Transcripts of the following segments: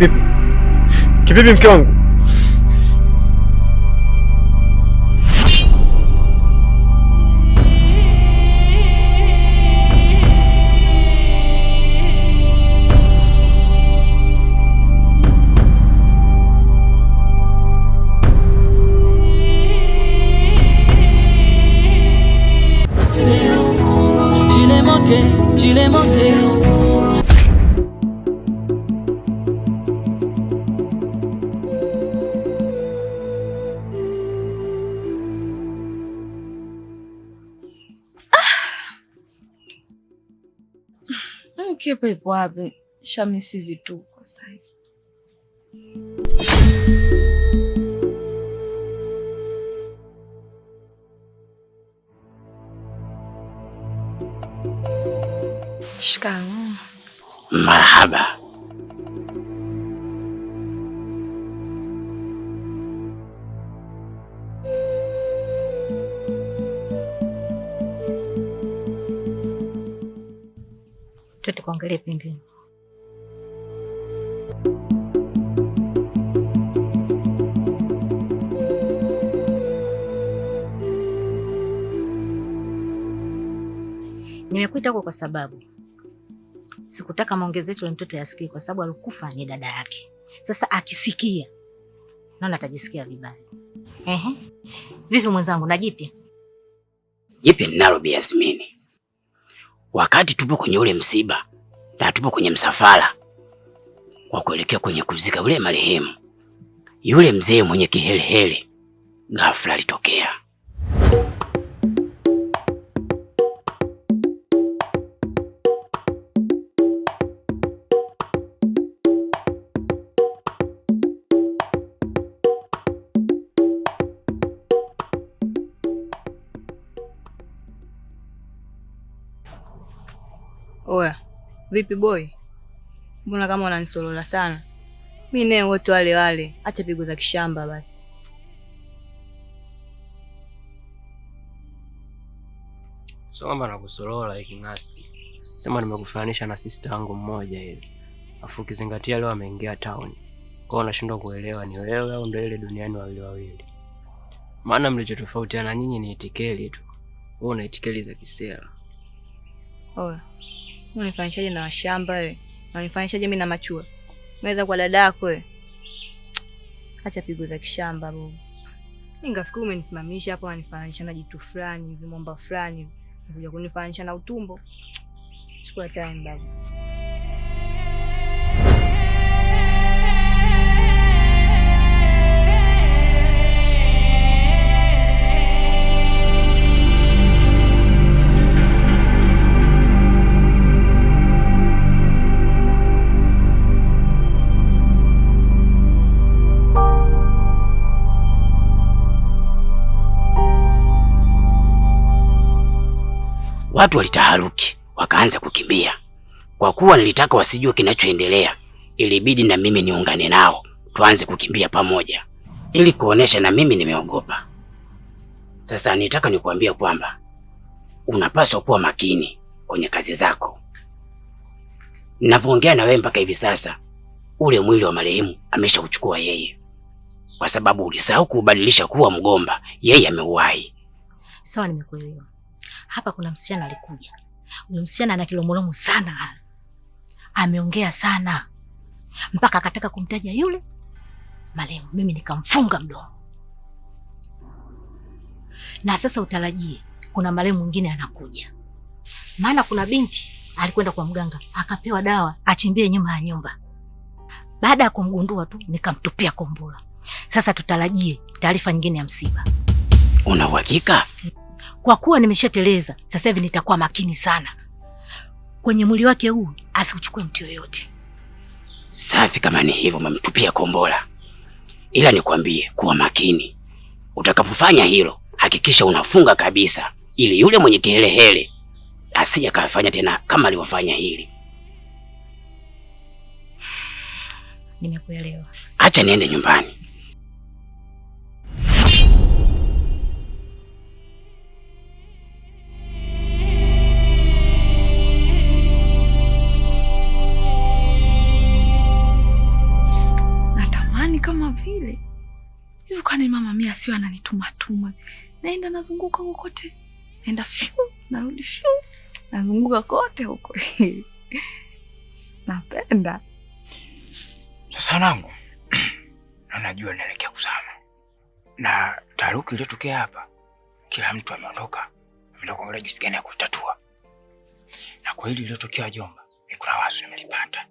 Kivipi kivipi, mke wangu? ipo wapi? Shamisi vituko sasa. Shikamoo. Marhaba. tuangalie pembeni. Nimekuita huko kwa sababu sikutaka maongezi yetu ya mtoto yasikie, kwa sababu alikufa ni dada yake. Sasa akisikia, naona atajisikia vibaya. Ehe, vipi mwenzangu, na jipya jipya ninalo Bi Yasmini, wakati tupo kwenye ule msiba na tupo kwenye msafara wa kuelekea kwenye kuzika yule marehemu. Yule mzee mwenye kihelehele ghafla alitokea. Vipi boy? Mbona kama unanisolola sana? Mimi naye wote wale wale, acha pigo za kishamba basi. so kwamba nakusolola ikingasti, sema nimekufananisha na sister yangu mmoja hivi, afu ukizingatia leo ameingia town, kwa hiyo unashindwa kuelewa ni wewe au ndio ile duniani wawili wawili. Maana mlichotofautiana nyinyi ni itikeli tu, wewe una itikeli za kisera. Oh. Unanifanishaje na washamba wewe? Unanifanishaje mimi na machua? Naweza kwa dada yako wewe. Acha pigo za kishamba babu. Ningafikiri umenisimamisha hapo unanifananisha na jitu fulani vimomba fulani hivi. Unakuja kunifananisha na utumbo. Chukua time babu. Watu walitaharuki wakaanza kukimbia. Kwa kuwa nilitaka wasijue kinachoendelea, ilibidi na mimi niungane nao tuanze kukimbia pamoja, ili kuonesha na mimi nimeogopa. Sasa nitaka nikuambia kwamba unapaswa kuwa makini kwenye kazi zako. Ninavyoongea na wewe mpaka hivi sasa, ule mwili wa marehemu ameshauchukua yeye, kwa sababu ulisahau kuubadilisha kuwa mgomba, yeye ameuwahi. Sawa, nimekuelewa hapa kuna msichana alikuja. Huyo msichana ana kilomolomo sana, ameongea sana mpaka akataka kumtaja yule malengo. mimi nikamfunga mdomo. Na sasa utarajie kuna malengo mwingine anakuja, maana kuna binti alikwenda kwa mganga akapewa dawa achimbie nyuma ya nyumba. Baada ya kumgundua tu nikamtupia kombola. Sasa tutarajie taarifa nyingine ya msiba. Una uhakika? Kwa kuwa nimeshateleza sasa hivi, nitakuwa makini sana kwenye mwili wake huu, asiuchukue mtu yoyote. Safi, kama ni hivyo, umemtupia kombola, ila nikwambie kuwa makini. Utakapofanya hilo, hakikisha unafunga kabisa, ili yule mwenye kihelehele asije akafanya tena kama alivyofanya hili. Nimekuelewa. Acha niende nyumbani. njia, sio ananitumatuma. Naenda nazunguka huko kote, naenda fyu, narudi fyu, nazunguka kote huko napenda sasa wanangu, najua naelekea kuzama na taruki iliyotokea hapa. Kila mtu ameondoka, ameenda kuangalia jinsi gani ya kutatua, na kwa hili iliyotokea jomba, kuna wasu nimelipata.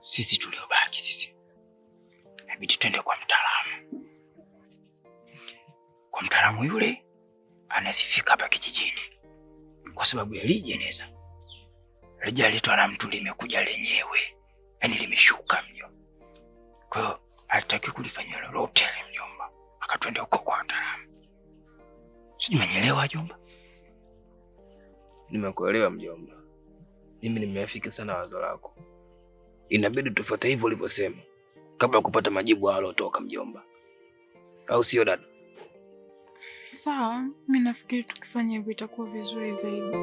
Sisi tuliobaki sisi inabidi twende kwa mtaalamu kwa mtaalamu yule anasifika hapa kijijini kwa sababu ya lile jeneza. Lija litwa na mtu limekuja lenyewe, yani limeshuka mjo. Kwa hiyo alitaki kulifanyia lolote ile mjomba, akatwende huko kwa mtaalamu. Sijui umenielewa jomba? Nimekuelewa mjomba. Mimi nimeafiki sana wazo lako, inabidi tufuate hivyo ulivyosema, kabla ya kupata majibu halotoka mjomba, au sio dada? Sawa, mi nafikiri tukifanya hivyo itakuwa vizuri zaidi.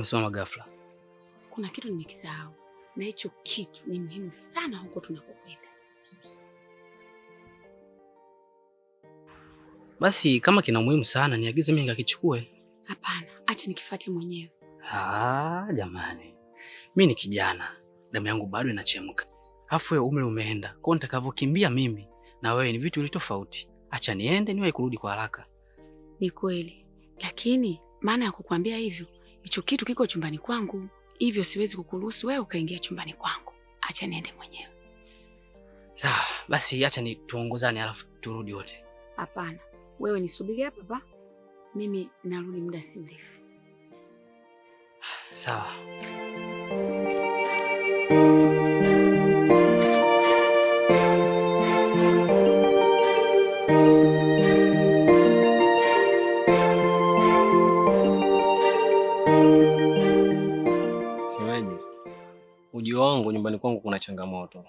umesimama ghafla? Kuna kitu nimekisahau, na hicho kitu ni muhimu sana huko tunakokwenda. Basi kama kina muhimu sana, niagize mimi nikakichukue. Hapana, acha nikifuate mwenyewe. Ah, jamani, mi ni kijana, damu yangu bado inachemka, afu wewe umri umeenda kwao. Nitakavyokimbia mimi na wewe ni vitu vili tofauti. Acha niende niwahi kurudi kwa haraka. Ni kweli, lakini maana ya kukwambia hivyo hicho kitu kiko chumbani kwangu, hivyo siwezi kukuruhusu wewe ukaingia chumbani kwangu. Acha niende mwenyewe. Sawa basi, acha ni tuongozane, alafu turudi wote. Hapana, wewe nisubiri hapa pa, mimi narudi muda si mrefu. Sawa. ujio wangu nyumbani kwangu kuna changamoto,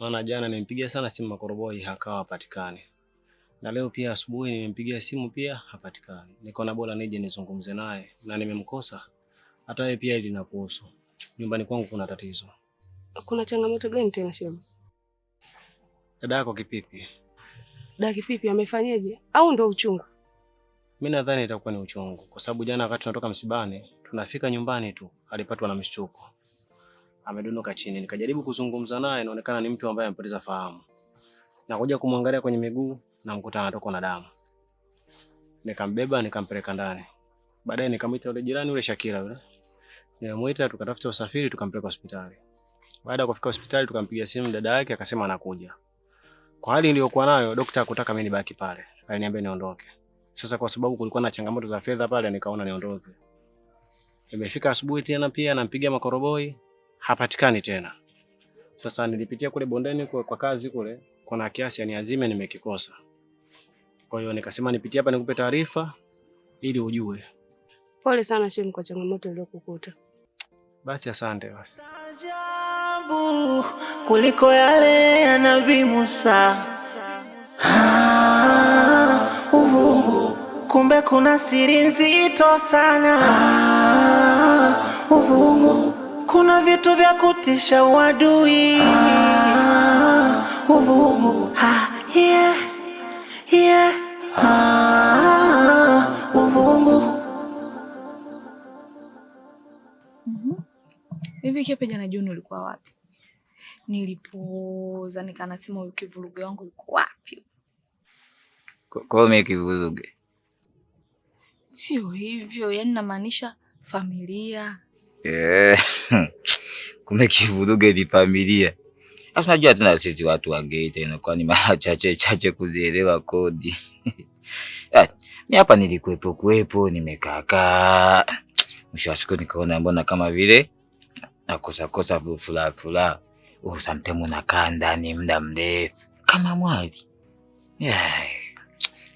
maana jana nimempigia sana simu Makoroboi hakawa hapatikani, na leo pia asubuhi nimempigia simu pia hapatikani. Niko na bora nije nizungumze naye, na nimemkosa hata yeye pia. Ili nakuhusu nyumbani kwangu kuna tatizo. Kuna changamoto gani tena shemu? Dada yako Kipipi. Dada Kipipi amefanyaje? Au ndo uchungu? Mimi nadhani itakuwa ni uchungu, kwa sababu jana wakati tunatoka msibani tunafika nyumbani tu alipatwa na mshtuko amedondoka chini. Nikajaribu kuzungumza naye, inaonekana ni mtu ambaye amepoteza fahamu. Nakuja kumwangalia kwenye miguu na mkuta anatokwa na damu. Nikambeba nikampeleka ndani. Baadaye nikamwita yule jirani yule Shakira yule. Nimemwita tukatafuta usafiri tukampeleka hospitali. Baada ya kufika hospitali tukampigia simu dada yake akasema anakuja. Kwa hali iliyokuwa nayo daktari hakutaka mimi nibaki pale. Aliniambia niondoke. Sasa kwa sababu kulikuwa na changamoto za fedha pale nikaona niondoke. Imefika asubuhi tena pia nampiga makoroboi hapatikani tena. Sasa nilipitia kule bondeni kwa, kwa kazi kule, kuna kiasi yani azime nimekikosa. Kwa hiyo nikasema nipitie hapa nikupe taarifa ili ujue. Pole sana Shemu kwa changamoto iliyokukuta. Basi asante basi. Ajabu kuliko yale ya Nabii Musa. Ah, uhu, kumbe kuna siri nzito sana. Ah, uhu, kuna vitu vya kutisha uadui. Ah. Ah. Mm-hmm. Hivi Kipe, jana jioni ulikuwa wapi? Nilipooza nikanasema huyu kivuruge wangu uko wapi? Kwa kivuruge sio hivyo, yani namaanisha familia Eh, kumbe kivuruga ni familia. Sasa najua tuna sisi watu wa Geita inakuwa ni mara chache chache kuzielewa kodi. Eh, mi hapa nilikuepo kuepo, nimekaakaa. Mwisho wa siku nikaona mbona kama vile nakosa kosa furaha furaha. Oh, sometimes unakaa ndani muda mrefu kama mwali. Eh,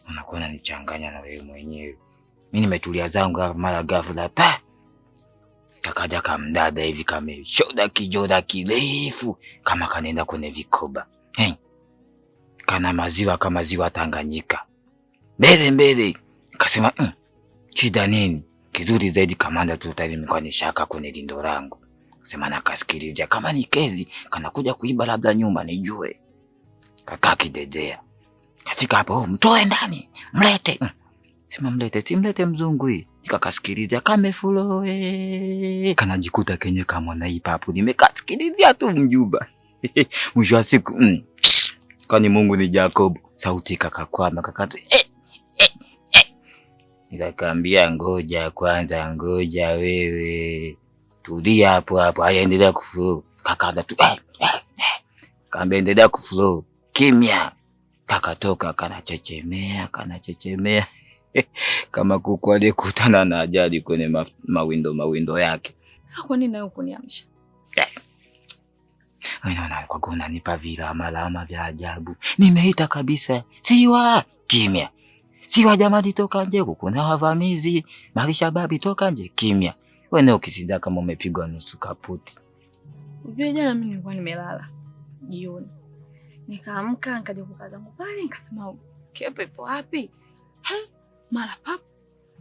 unakuwa unanichanganya na wewe mwenyewe. Mimi nimetulia zangu mara ghafla pa kakaja kamdada hivi kameshoda kijoda kirefu kama kanaenda kwenye vikoba hey. Kana maziwa kama maziwa Tanganyika mbele mbele, kasema mm, shida nini? Kizuri zaidi kamanda tu tazimikwa nishaka kwenye lindo langu sema na kasikilija kama ni kezi kanakuja kuiba labda nyumba nijue. Kakaa kidedea kafika hapo, oh, mtoe ndani, mlete. mm. Sema mlete, si mlete mzungu hii nikakasikilizia kamefuloe kanajikuta kenye kamwanaipapu nimekasikilizia tu mjuba mwisho wa siku mm. kani Mungu ni Jacob, sauti kakakwama kakatu eh, eh, eh. nikakambia ngoja kwanza, ngoja wewe tulia hapo hapo, ayaendelea endelea kuflow. Kakaanza tu eh, eh, eh. kambia endelea kuflow kimya, kakatoka kanachechemea kanachechemea kama kuku alikutana na ajali kwenye mawindo mawindo yake. Sasa kwa nini nayo kuniamsha? Eh. kwa Kwako unanipa malama vya ajabu. Nimeita kabisa, siwa kimya, siwa jamani, toka nje, kuna wavamizi. Marisha babi, toka nje, kimya. Wewe ndio ukisinda kama umepigwa nusu kaputi. Ujue jana mimi nilikuwa nimelala jioni, nikaamka nikaja kukaza zangu pale, nikasema kepo ipo wapi? mara pap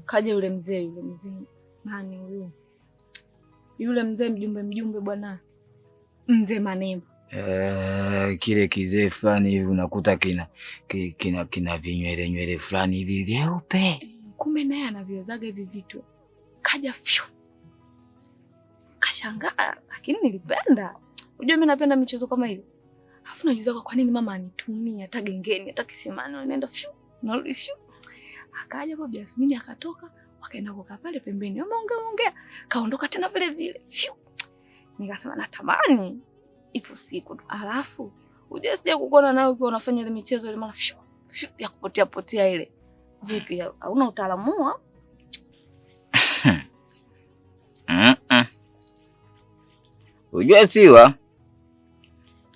kaja yule mzee yule mzee nani huyu yule mzee mjumbe mjumbe bwana mzee Manembo Uh, eh, kile kizee fulani hivi unakuta kina kina, kina vinywele nywele fulani hivi vyeupe, kumbe naye anavyozaga hivi vitu. Kaja fyu kashangaa, lakini nilipenda. Unajua mimi napenda michezo kama hiyo, afu najuzaga kwa nini mama anitumia hata gengeni hata kisimani, naenda fyu narudi fyu Akaja hapo Jasmine akatoka, wakaenda kukaa pale pembeni, wameongea ongea, kaondoka tena vile vile. Nikasema natamani ipo siku alafu uje sija kukuona nayo ukiwa unafanya ile michezo ile, mara ya kupotea potea ile. Vipi, hauna utaalamu huo? Ujue siwa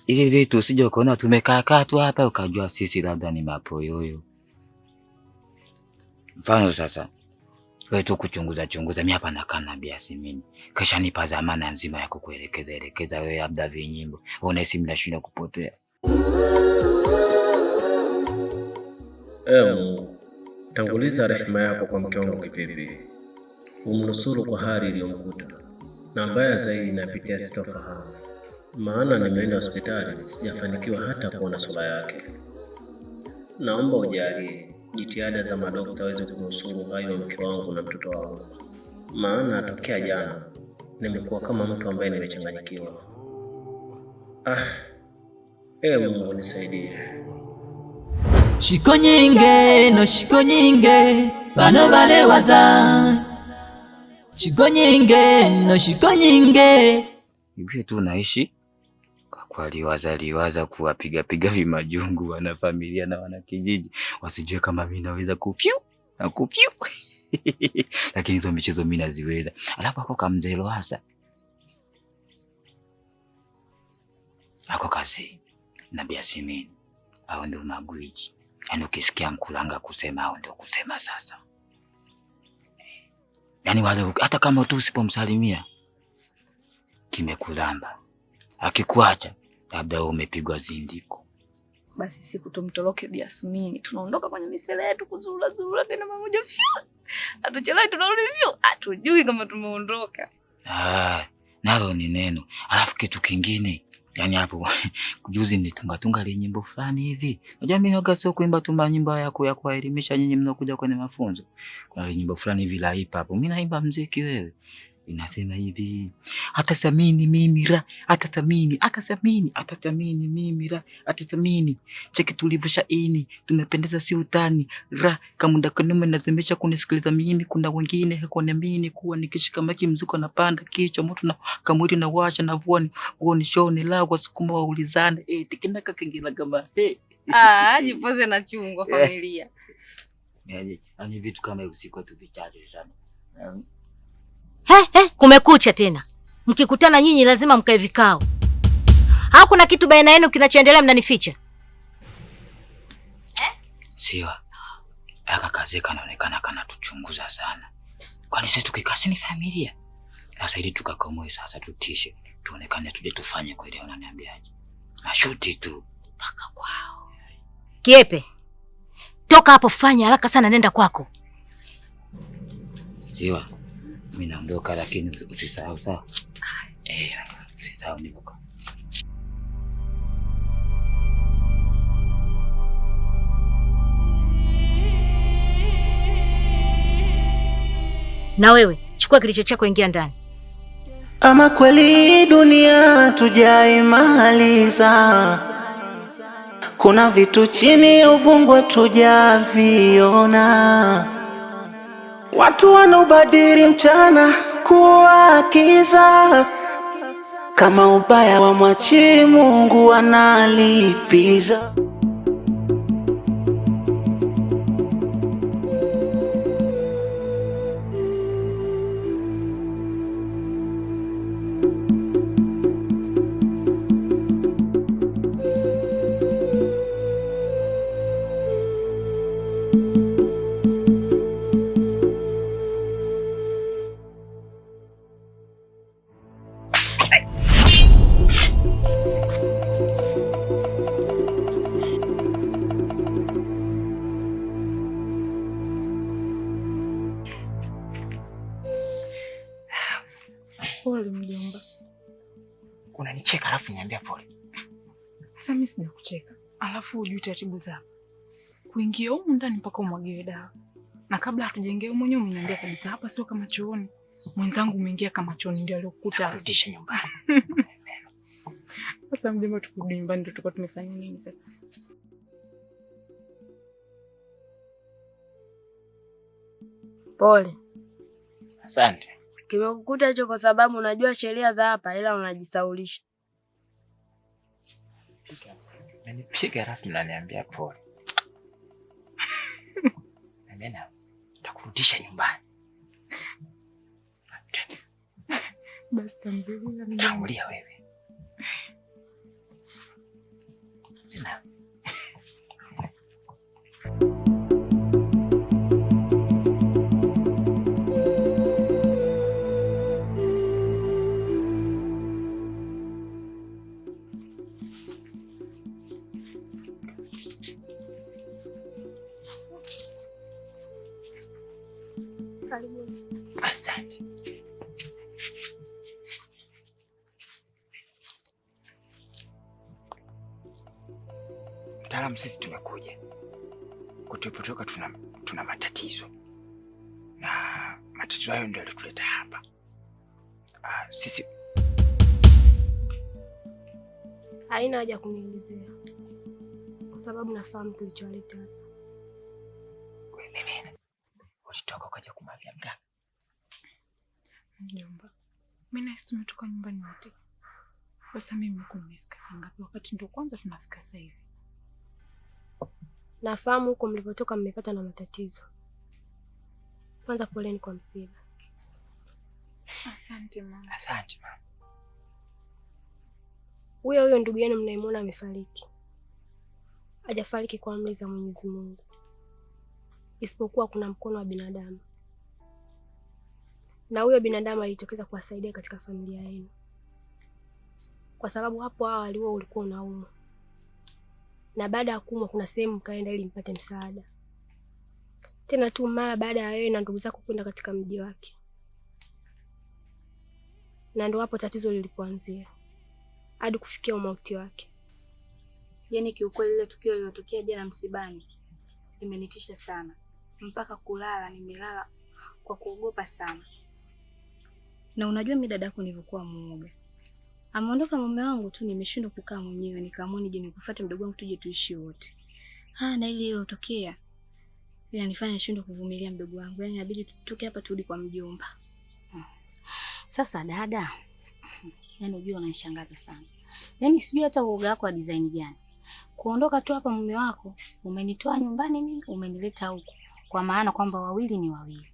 hivi vitu, usije ukaona tumekaakaa tu hapa ukajua sisi labda ni mapoyoyo. Mfano sasa wewe tu kuchunguza chunguza, mimi hapa nakaa na biasi kisha nipa zamana nzima ya kukuelekeza elekeza wewe, labda vinyimbo unahisi mnashinda kupotea. Em, tanguliza rehema yako kwa mke wangu Kipipi, umnusuru kwa hali iliyomkuta, na mbaya zaidi inapitia sitofahamu, maana nimeenda hospitali sijafanikiwa hata kuona sura yake. Naomba ujalie jitihada za madokta waweze kunusuru uhai wa mke wangu na mtoto wangu, maana tokea jana nimekuwa kama mtu ambaye nimechanganyikiwa. Ah, ewe Mungu nisaidie. shiko nyinge no shiko nyinge bano waza shiko nyinge no shiko nyinge hivyo tu naishi siku aliwaza aliwaza kuwapigapiga vimajungu wanafamilia na wanakijiji wasijue kama mimi naweza kufyu na kufyu lakini hizo michezo mimi naziweza. Alafu ako kamzee Lowassa ako kazi na Biasimini, au ndio magwiji. yani, ukisikia Mkulanga kusema au ndio kusema sasa. yani wale hata kama tu usipomsalimia kimekulamba, akikuacha Labda wewe umepigwa zindiko. Basi siku tumtoroke Biasmini, tunaondoka kwenye misele yetu kuzurura zurura tena pamoja fyu. Atuchelai tunarudi fyu. Hatujui kama tumeondoka. Ah, nalo ni neno. Alafu kitu kingine, Yaani hapo juzi nitunga tunga ile nyimbo fulani hivi. Unajua mimi naga sio kuimba tu nyimbo yako ya kuelimisha nyinyi mnakuja kwenye mafunzo. Kuna nyimbo fulani hivi laipa hapo. Mimi naimba mziki wewe inasema hivi atathamini ra atathamini atathamini atathamini ra atathamini cheki tulivusha ini tumependeza si utani ra kamuda kanume nazemesha kunisikiliza mimi kuna wengine hakuamini kuwa nikishikamaki mzuko na panda kichwa moto na kamwili na washa na vuoni vuoni shoni la wasukuma waulizane eh tikina kakingila gama eh ah eh, eh, jipoze na chungwa eh, familia yani vitu kama hivyo tu sana He, he, kumekucha tena. Mkikutana nyinyi lazima mkae vikao. Hakuna kitu baina yenu kinachoendelea mnanificha? Eh? Sio. Aka kazi kanaonekana kana tuchunguza sana. Kwani sisi tukikasi ni familia? Sasa ili tukakomoe sasa tutishe, tuonekane tuje tufanye kwa ile unaniambiaje. Na shuti tu mpaka kwao. Kiepe. Toka hapo, fanya haraka sana, nenda kwako. Sio mimi naondoka, lakini usisahau sawa? Eh, usisahau na wewe chukua kilicho chako, ingia ndani. Ama kweli dunia tujaimaliza, kuna vitu chini ya uvungu tujaviona Watu wanaubadiri mchana kuwa kiza, kama ubaya wa mwachi Mungu wanalipiza Sasa mimi sijakucheka, alafu ujui taratibu zako kuingia huko ndani mpaka umwagiwe dawa. Na kabla hatujaingia wewe mwenyewe umeniambia kabisa hapa sio kama chooni. Mwenzangu umeingia kama chooni ndio aliokuta arudisha nyumbani. Sasa mjomba, tukurudi nyumbani ndio tulikuwa tumefanya nini sasa? Pole. Asante. Kimekukuta hicho kwa sababu unajua sheria za hapa ila unajisaulisha. Nanipiga yaani, halafu mnaniambia pole. Amena, takurudisha nyumbani. Basi tambulia wewe. sisi tumekuja kutupotoka, tuna, tuna matatizo na matatizo hayo ndio yalituleta hapa. Ah, sisi haina haja kunielezea kwa sababu nafahamu kilichowaleta hapa. Mimi ulitoka ukaja kumwambia mganga? Mjomba, mimi nasi tumetoka nyumbani wote. Sasa mimi nimefika saa ngapi? Wakati ndio kwanza tunafika sasa hivi. Nafahamu huko mlipotoka mmepata na matatizo. Kwanza poleni kwa msiba. Asante mama. Asante mama. Huyo huyo ndugu yenu mnayemwona amefariki, hajafariki kwa amri za Mwenyezi Mungu, isipokuwa kuna mkono wa binadamu, na huyo binadamu alitokeza kuwasaidia katika familia yenu, kwa sababu hapo awali wewe ulikuwa unaumwa na baada ya kumwa kuna sehemu mkaenda ili mpate msaada. Tena tu mara baada ya wewe na ndugu zako kwenda katika mji wake, na ndo hapo tatizo lilipoanzia hadi kufikia umauti wake. Yaani kiukweli, lile tukio lilotokea jana msibani limenitisha sana, mpaka kulala nimelala kwa kuogopa sana. Na unajua mi dada yako nilivyokuwa muoga Ameondoka mume wangu tu, nimeshindwa kukaa mwenyewe, nikaamua nije nikufuate mdogo wangu, tuje tuishi wote. Ah, na ile iliyotokea inanifanya nishindwe kuvumilia mdogo wangu, yaani inabidi tutoke hapa turudi kwa mjomba. Hmm. Sasa dada, yaani unajua unanishangaza sana, yaani sijui hata uoga wako wa design gani? Kuondoka tu hapa mume wako, umenitoa nyumbani mimi, umenileta huku, kwa maana kwamba wawili ni wawili.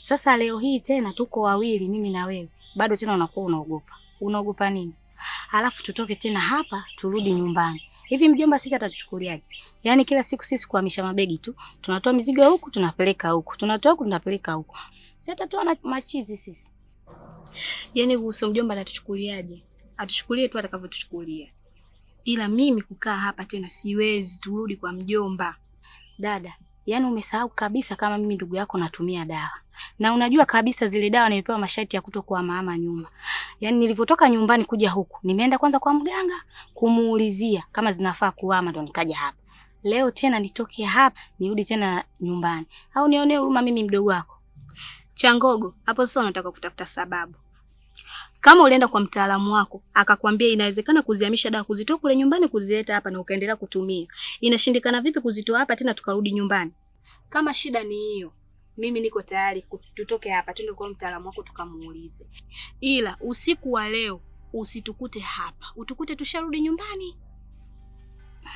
Sasa leo hii tena tuko wawili, mimi na wewe, bado tena unakuwa unaogopa unaogopa nini? Alafu tutoke tena hapa turudi nyumbani. Hivi mjomba sisi atatuchukuliaje? Yaani kila siku sisi kuhamisha mabegi tu. Tunatoa mizigo huku tunapeleka huku. Tunatoa huku tunapeleka huku. Sisi atatoa na machizi sisi. Yaani kuhusu mjomba atatuchukuliaje? Atuchukulie tu atakavyotuchukulia. Ila mimi kukaa hapa tena siwezi, turudi kwa mjomba. Dada, Yaani umesahau kabisa kama mimi ndugu yako natumia dawa. Na unajua kabisa zile dawa nimepewa masharti ya kutokuwa mama nyuma. Yaani nilivyotoka nyumbani kuja huku, nimeenda kwanza kwa mganga kumuulizia kama zinafaa kuama ndo nikaja hapa. Leo tena nitoke hapa nirudi tena nyumbani. Au nione huruma mimi mdogo wako. Changogo, hapo sasa unataka kutafuta sababu. Kama ulienda kwa mtaalamu wako akakwambia inawezekana kuzihamisha dawa kuzitoa kule nyumbani kuzileta hapa na ukaendelea kutumia, inashindikana vipi kuzitoa hapa tena tukarudi nyumbani? Kama shida ni hiyo, mimi niko tayari tutoke hapa tuende kwa mtaalamu wako tukamuulize, ila usiku wa leo usitukute hapa, utukute tusharudi nyumbani.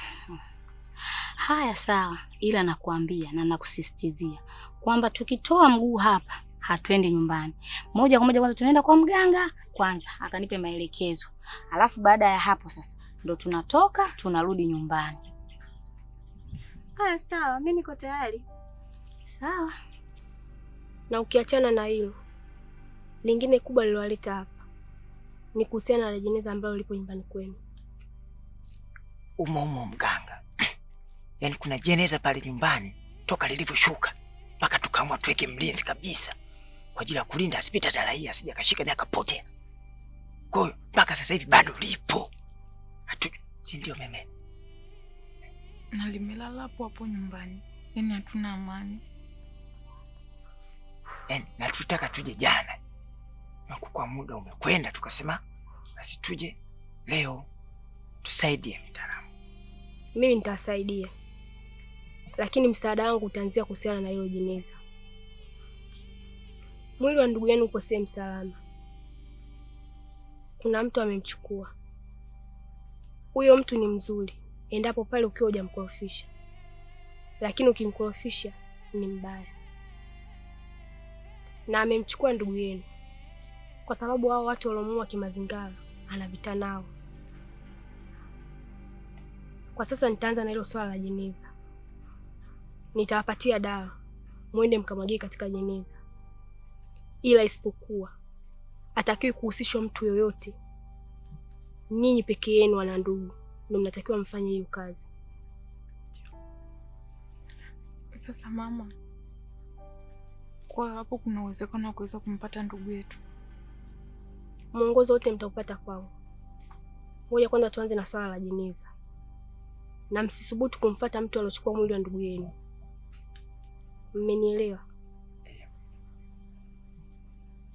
Haya, sawa, ila nakwambia na nakusisitizia kwamba tukitoa mguu hapa hatuendi nyumbani moja kwa moja, kwanza tunaenda kwa mganga kwanza akanipe maelekezo, alafu baada ya hapo sasa ndo tunatoka tunarudi nyumbani. Haya, sawa, mimi niko tayari. Sawa. Na ukiachana na hilo lingine kubwa lilowaleta hapa ni kuhusiana na jeneza ambayo lipo nyumbani kwenu. Umoumo mganga, yaani kuna jeneza pale nyumbani toka lilivyoshuka mpaka tukaamua tuweke mlinzi kabisa kwa ajili ya kulinda asipita hata raia asije akashika naye akapotea. Kwa hiyo mpaka sasa hivi bado lipo, si ndio meme? Na limelala hapo hapo nyumbani, yaani hatuna amani, yaani, na tutaka tuje jana, nakukuwa muda umekwenda, tukasema basi tuje leo tusaidie. Mtaalamu, mimi nitasaidia, lakini msaada wangu utaanzia kuhusiana na hilo jeneza. Mwili wa ndugu yenu uko sehemu salama, kuna mtu amemchukua. Huyo mtu ni mzuri endapo pale ukiwa hujamkorofisha, lakini ukimkorofisha ni mbaya. Na amemchukua ndugu yenu kwa sababu hao watu waliomuua Kimazingara anavita nao. Kwa sasa nitaanza na hilo swala la jeneza, nitawapatia dawa mwende mkamwagie katika jeneza ila isipokuwa atakiwe kuhusishwa mtu yoyote. Nyinyi peke yenu wana ndugu ndio mnatakiwa mfanye hiyo kazi. Sasa mama, kwa hapo kuna uwezekano wa kuweza kumpata ndugu yetu? Mwongozo wote mtaupata kwangu. Ngoja kwanza tuanze na swala la jeneza, na msisubutu kumfata mtu aliochukua mwili wa ndugu yenu. Mmenielewa?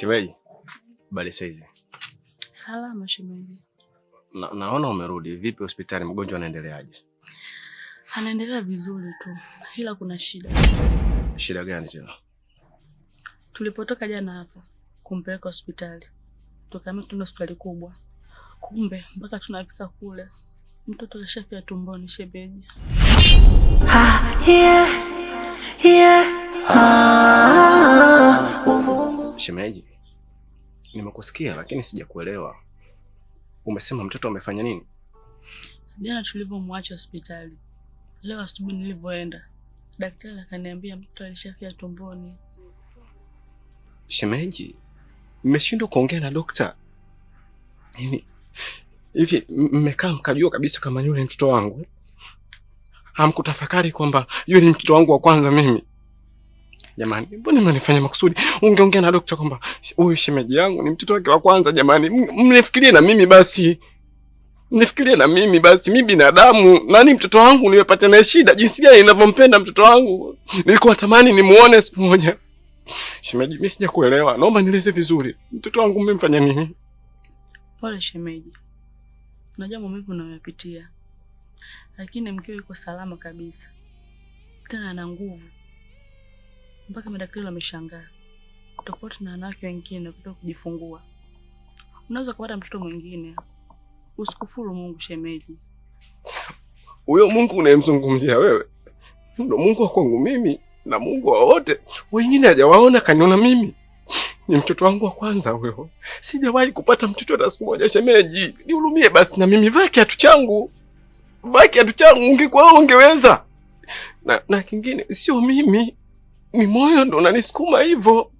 Shemeji, bali saizi. Salama shemeji. Na, naona umerudi. Vipi hospitali, mgonjwa anaendeleaje? Anaendelea vizuri tu, ila kuna shida. Shida gani tena? Tulipotoka jana hapo kumpeleka hospitali, tukaamini tuna hospitali kubwa, kumbe mpaka tunafika kule mtoto kashafia tumboni shemeji. Ha, yeah, yeah. Ah, uh, uh, uh. Shemeji Nimekusikia lakini sijakuelewa. Umesema mtoto amefanya nini? Jana tulivyomwacha hospitali, leo asubuhi nilivyoenda, daktari akaniambia mtoto alishafia tumboni. Shemeji, mmeshindwa kuongea na dokta yaani, hivi? Hivi mmekaa mkajua kabisa kama yule mtoto wangu? Hamkutafakari kwamba yule ni mtoto wangu wa kwanza mimi? Jamani, mbona mnanifanya makusudi? Ungeongea na dokta kwamba huyu shemeji yangu ni mtoto wake wa kwanza. Jamani, mnifikirie na mimi basi, mnifikirie na mimi basi. Mimi binadamu, nani mtoto wangu nimepata naye shida, jinsi gani ninavyompenda mtoto wangu. Nilikuwa tamani nimuone siku moja. Shemeji, mimi sijakuelewa, naomba nieleze vizuri, mtoto wangu mmemfanya nini? Pole shemeji, najua maumivu unayopitia, lakini mkeo yuko salama kabisa, tena ana nguvu mpaka madaktari wameshangaa, tofauti na wanawake wengine kutoka kujifungua. Unaweza kupata mtoto mwingine. Usikufuru Mungu shemeji. Huyo Mungu unayemzungumzia wewe ndo Mungu wa kwangu mimi na Mungu wa wote wengine. Hajawaona, kaniona mimi. Ni mtoto wangu wa kwanza huyo, sijawahi kupata mtoto hata siku moja. Shemeji, nihurumie basi na mimi, vaa kiatu changu, vaa kiatu changu. Ungekuwa wewe ungeweza na, na kingine sio mimi ni moyo ndo unanisukuma hivyo.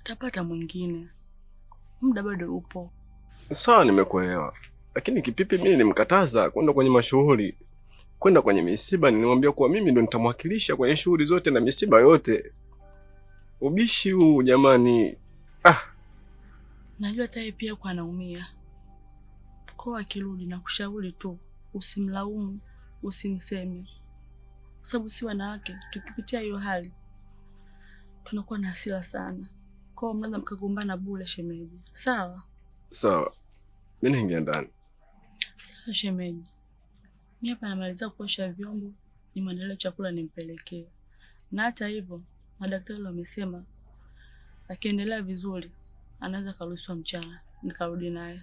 Utapata mwingine, muda bado upo. Sawa, nimekuelewa, lakini Kipipi mimi nimkataza kwenda kwenye mashughuli, kwenda kwenye misiba. Nilimwambia kuwa mimi ndo nitamwakilisha kwenye shughuli zote na misiba yote. Ubishi huu jamani, ah. Najua taye pia kwa anaumia kwa, akirudi na kushauri tu, usimlaumu, usimseme kwa sababu si wanawake tukipitia hiyo hali tunakuwa na hasira sana. Kwa hiyo mnaweza mkagombana bure, shemeji. Sawa sawa, mimi naingia ndani. Sawa shemeji, mimi hapa namaliza kuosha vyombo, ni mwandalia chakula nimpelekee, na hata hivyo madaktari wamesema akiendelea vizuri anaweza karuhusiwa mchana nikarudi naye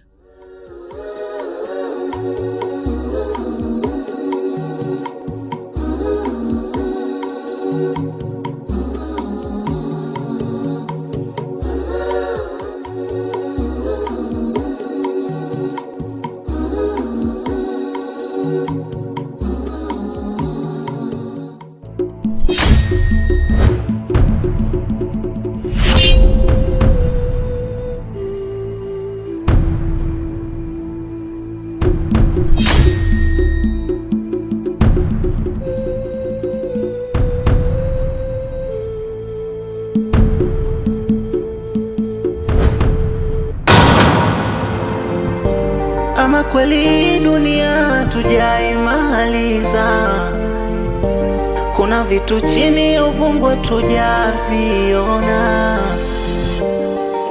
tu chini ya uvungu tujaviona.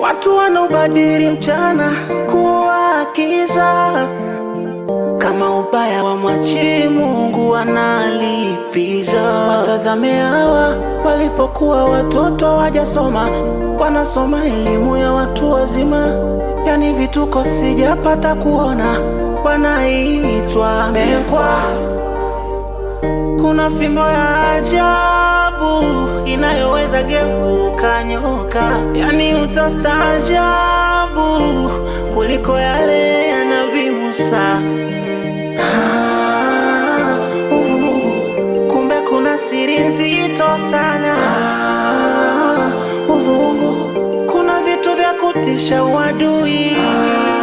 Watu wanaubadili mchana kuwa kiza, kama ubaya wa mwachi Mungu wanalipiza. Watazame hawa walipokuwa watoto wajasoma, wanasoma elimu ya watu wazima, yani vituko sijapata kuona, wanaitwa mekwa kuna fimbo ya ajabu inayoweza geuka nyoka, yani utastaajabu kuliko yale ya Ah, uh, uh, kumbe kuna siri nzito sana. Ah, uhu, uh, kuna vitu vya kutisha uadui. Ah,